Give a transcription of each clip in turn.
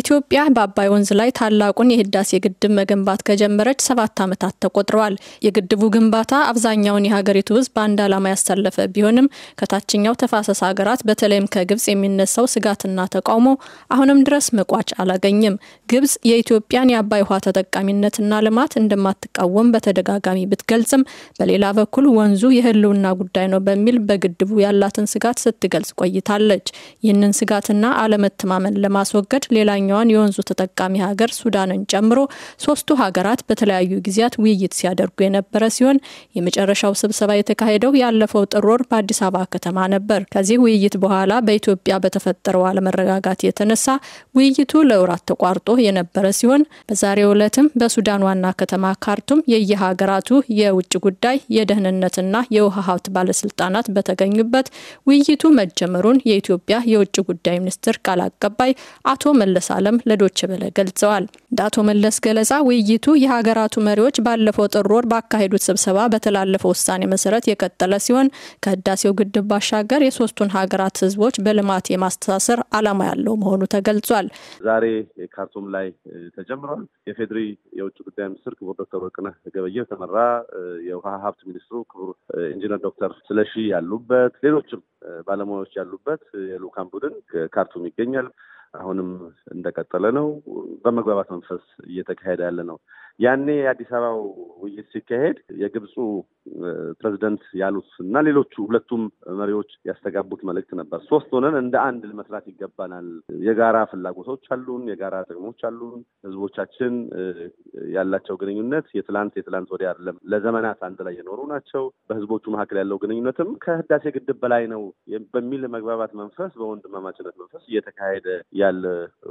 ኢትዮጵያ በአባይ ወንዝ ላይ ታላቁን የህዳሴ ግድብ መገንባት ከጀመረች ሰባት ዓመታት ተቆጥረዋል። የግድቡ ግንባታ አብዛኛውን የሀገሪቱ ህዝብ በአንድ ዓላማ ያሳለፈ ቢሆንም ከታችኛው ተፋሰስ ሀገራት በተለይም ከግብጽ የሚነሳው ስጋትና ተቃውሞ አሁንም ድረስ መቋጫ አላገኘም። ግብፅ የኢትዮጵያን የአባይ ውሃ ተጠቃሚነትና ልማት እንደማትቃወም በተደጋጋሚ ብትገልጽም፣ በሌላ በኩል ወንዙ የህልውና ጉዳይ ነው በሚል በግድቡ ያላትን ስጋት ስትገልጽ ቆይታለች። ይህንን ስጋትና አለመተማመን ለማስወገድ ሌላ አብዛኛዋን የወንዙ ተጠቃሚ ሀገር ሱዳንን ጨምሮ ሶስቱ ሀገራት በተለያዩ ጊዜያት ውይይት ሲያደርጉ የነበረ ሲሆን የመጨረሻው ስብሰባ የተካሄደው ያለፈው ጥር ወር በአዲስ አበባ ከተማ ነበር። ከዚህ ውይይት በኋላ በኢትዮጵያ በተፈጠረው አለመረጋጋት የተነሳ ውይይቱ ለውራት ተቋርጦ የነበረ ሲሆን በዛሬው ዕለትም በሱዳን ዋና ከተማ ካርቱም የየሀገራቱ የውጭ ጉዳይ የደህንነትና የውሃ ሀብት ባለስልጣናት በተገኙበት ውይይቱ መጀመሩን የኢትዮጵያ የውጭ ጉዳይ ሚኒስትር ቃል አቀባይ አቶ መለስ አለም ለዶች በለ ገልጸዋል። እንደ አቶ መለስ ገለጻ ውይይቱ የሀገራቱ መሪዎች ባለፈው ጥር ወር ባካሄዱት ስብሰባ በተላለፈው ውሳኔ መሰረት የቀጠለ ሲሆን ከህዳሴው ግድብ ባሻገር የሶስቱን ሀገራት ህዝቦች በልማት የማስተሳሰር አላማ ያለው መሆኑ ተገልጿል። ዛሬ ካርቱም ላይ ተጀምሯል። የፌዴሪ የውጭ ጉዳይ ሚኒስትር ክቡር ዶክተር ወርቅነህ ገበየሁ የተመራ የውሃ ሀብት ሚኒስትሩ ክቡር ኢንጂነር ዶክተር ስለሺ ያሉበት ሌሎችም ባለሙያዎች ያሉበት የልኡካን ቡድን ካርቱም ይገኛል። አሁንም እንደቀጠለ ነው። በመግባባት መንፈስ እየተካሄደ ያለ ነው። ያኔ የአዲስ አበባው ውይይት ሲካሄድ የግብፁ ፕሬዚደንት ያሉት እና ሌሎቹ ሁለቱም መሪዎች ያስተጋቡት መልእክት ነበር። ሶስት ሆነን እንደ አንድ መስራት ይገባናል። የጋራ ፍላጎቶች አሉን፣ የጋራ ጥቅሞች አሉን። ህዝቦቻችን ያላቸው ግንኙነት የትላንት የትላንት ወዲያ አይደለም። ለዘመናት አንድ ላይ የኖሩ ናቸው። በህዝቦቹ መካከል ያለው ግንኙነትም ከህዳሴ ግድብ በላይ ነው በሚል መግባባት መንፈስ፣ በወንድማማችነት መንፈስ እየተካሄደ ያለ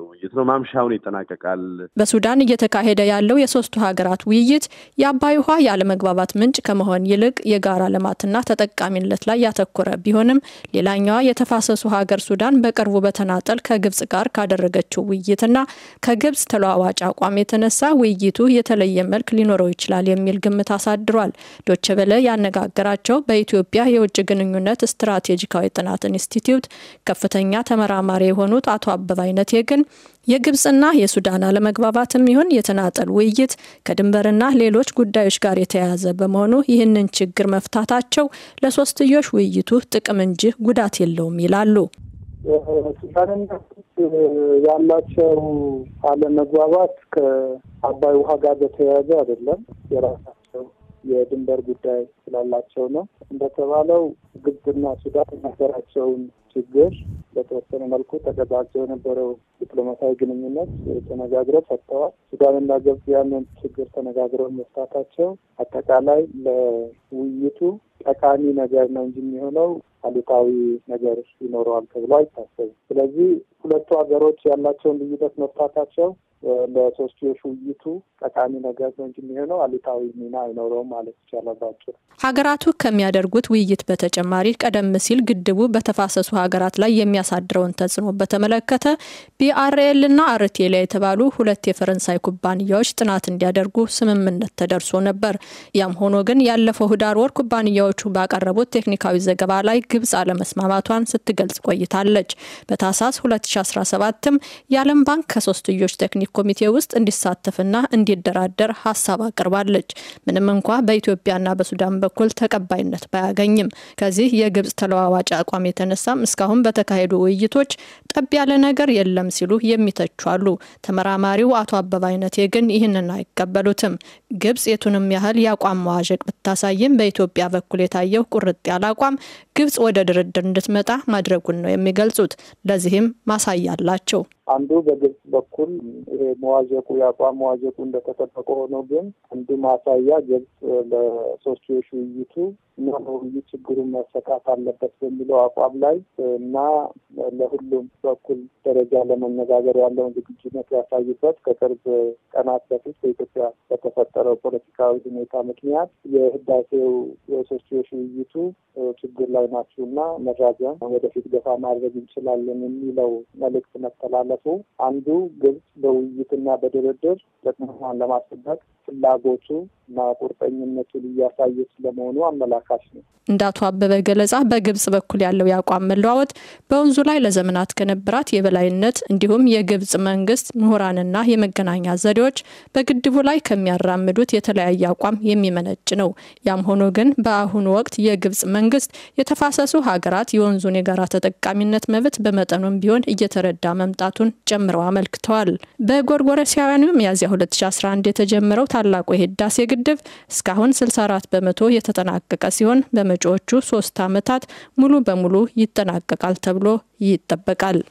ውይይት ነው። ማምሻውን ይጠናቀቃል። በሱዳን እየተካሄደ ያለው የሶስት የሶስቱ ሀገራት ውይይት የአባይ ውሃ ያለመግባባት ምንጭ ከመሆን ይልቅ የጋራ ልማትና ተጠቃሚነት ላይ ያተኮረ ቢሆንም ሌላኛዋ የተፋሰሱ ሀገር ሱዳን በቅርቡ በተናጠል ከግብጽ ጋር ካደረገችው ውይይትና ከግብጽ ተለዋዋጭ አቋም የተነሳ ውይይቱ የተለየ መልክ ሊኖረው ይችላል የሚል ግምት አሳድሯል። ዶቼ ቬለ ያነጋገራቸው በኢትዮጵያ የውጭ ግንኙነት ስትራቴጂካዊ ጥናት ኢንስቲትዩት ከፍተኛ ተመራማሪ የሆኑት አቶ አበባ ግን የግብጽና የሱዳን አለመግባባትም ይሁን የተናጠል ውይይት ከድንበርና ሌሎች ጉዳዮች ጋር የተያያዘ በመሆኑ ይህንን ችግር መፍታታቸው ለሶስትዮሽ ውይይቱ ጥቅም እንጂ ጉዳት የለውም ይላሉ። ሱዳንና ያላቸው አለመግባባት ከአባይ ውሃ ጋር በተያያዘ አይደለም። የራሳቸው የድንበር ጉዳይ ስላላቸው ነው። እንደተባለው ግብፅና ሱዳን የነበራቸውን ችግር በተወሰነ መልኩ ተቀዛቅዞ የነበረው ዲፕሎማሲያዊ ግንኙነት ተነጋግረው ፈጥተዋል። ሱዳንና ግብጽ ያንን ችግር ተነጋግረው መፍታታቸው አጠቃላይ ለውይይቱ ጠቃሚ ነገር ነው እንጂ የሚሆነው አሉታዊ ነገር ይኖረዋል ተብሎ አይታሰብም። ስለዚህ ሁለቱ ሀገሮች ያላቸውን ልዩነት መፍታታቸው ለሶስትዮሽ ውይይቱ ጠቃሚ ነገር ነው እንጂ የሚሆነው አሉታዊ ሚና አይኖረውም ማለት ይቻላባቸው። ሀገራቱ ከሚያደርጉት ውይይት በተጨማሪ ቀደም ሲል ግድቡ በተፋሰሱ ሀገራት ላይ የሚያሳድረውን ተጽዕኖ በተመለከተ ቢአርኤል እና አርቴላ የተባሉ ሁለት የፈረንሳይ ኩባንያዎች ጥናት እንዲያደርጉ ስምምነት ተደርሶ ነበር። ያም ሆኖ ግን ያለፈው ህዳር ወር ኩባንያዎቹ ባቀረቡት ቴክኒካዊ ዘገባ ላይ ግብጽ አለመስማማቷን ስትገልጽ ቆይታለች። በታህሳስ 2017ም የዓለም ባንክ ከሶስትዮሽ ቴክኒክ ኮሚቴ ውስጥ እንዲሳተፍና እንዲ እንዲደራደር ሀሳብ አቅርባለች። ምንም እንኳ በኢትዮጵያና በሱዳን በኩል ተቀባይነት ባያገኝም ከዚህ የግብጽ ተለዋዋጭ አቋም የተነሳም እስካሁን በተካሄዱ ውይይቶች ጠብ ያለ ነገር የለም ሲሉ የሚተቹ አሉ። ተመራማሪው አቶ አበባ አይነቴ ግን ይህንን አይቀበሉትም። ግብጽ የቱንም ያህል የአቋም መዋዠቅ ብታሳይም በኢትዮጵያ በኩል የታየው ቁርጥ ያለ አቋም ግብጽ ወደ ድርድር እንድትመጣ ማድረጉን ነው የሚገልጹት። ለዚህም ማሳያ አላቸው። አንዱ በግብጽ በኩል ይሄ መዋዠቁ የአቋም መዋዠቁ እንደተጠበቀ ሆኖ ግን አንዱ ማሳያ ግብጽ ለሶስትዮሽ ውይይቱ እና በውይይት ችግሩ መሰቃት አለበት በሚለው አቋም ላይ እና ለሁሉም በኩል ደረጃ ለመነጋገር ያለውን ዝግጁነት ያሳዩበት ከቅርብ ቀናት በፊት በኢትዮጵያ በተፈጠረው ፖለቲካዊ ሁኔታ ምክንያት የህዳሴው የሶስትዮሽ ውይይቱ ችግር ላይ እና መረጃን ወደፊት ገፋ ማድረግ እንችላለን የሚለው መልእክት መተላለፉ አንዱ ግብጽ በውይይትና በድርድር ጥቅሟን ለማስጠበቅ ፍላጎቱ እና ቁርጠኝነቱን እያሳየ ስለመሆኑ አመላካች ነው። እንደ አቶ አበበ ገለጻ በግብጽ በኩል ያለው የአቋም መለዋወጥ በወንዙ ላይ ለዘመናት ከነበራት የበላይነት እንዲሁም የግብጽ መንግስት ምሁራንና የመገናኛ ዘዴዎች በግድቡ ላይ ከሚያራምዱት የተለያየ አቋም የሚመነጭ ነው። ያም ሆኖ ግን በአሁኑ ወቅት የግብጽ መንግስት የተፋሰሱ ሀገራት የወንዙን የጋራ ተጠቃሚነት መብት በመጠኑም ቢሆን እየተረዳ መምጣቱን ጨምረው አመልክተዋል። በጎርጎረሲያውያኑ ሚያዝያ 2011 የተጀመረው ታላቁ የህዳሴ ግድብ እስካሁን 64 በመቶ የተጠናቀቀ ሲሆን በመጪዎቹ ሶስት ዓመታት ሙሉ በሙሉ ይጠናቀቃል ተብሎ ይጠበቃል።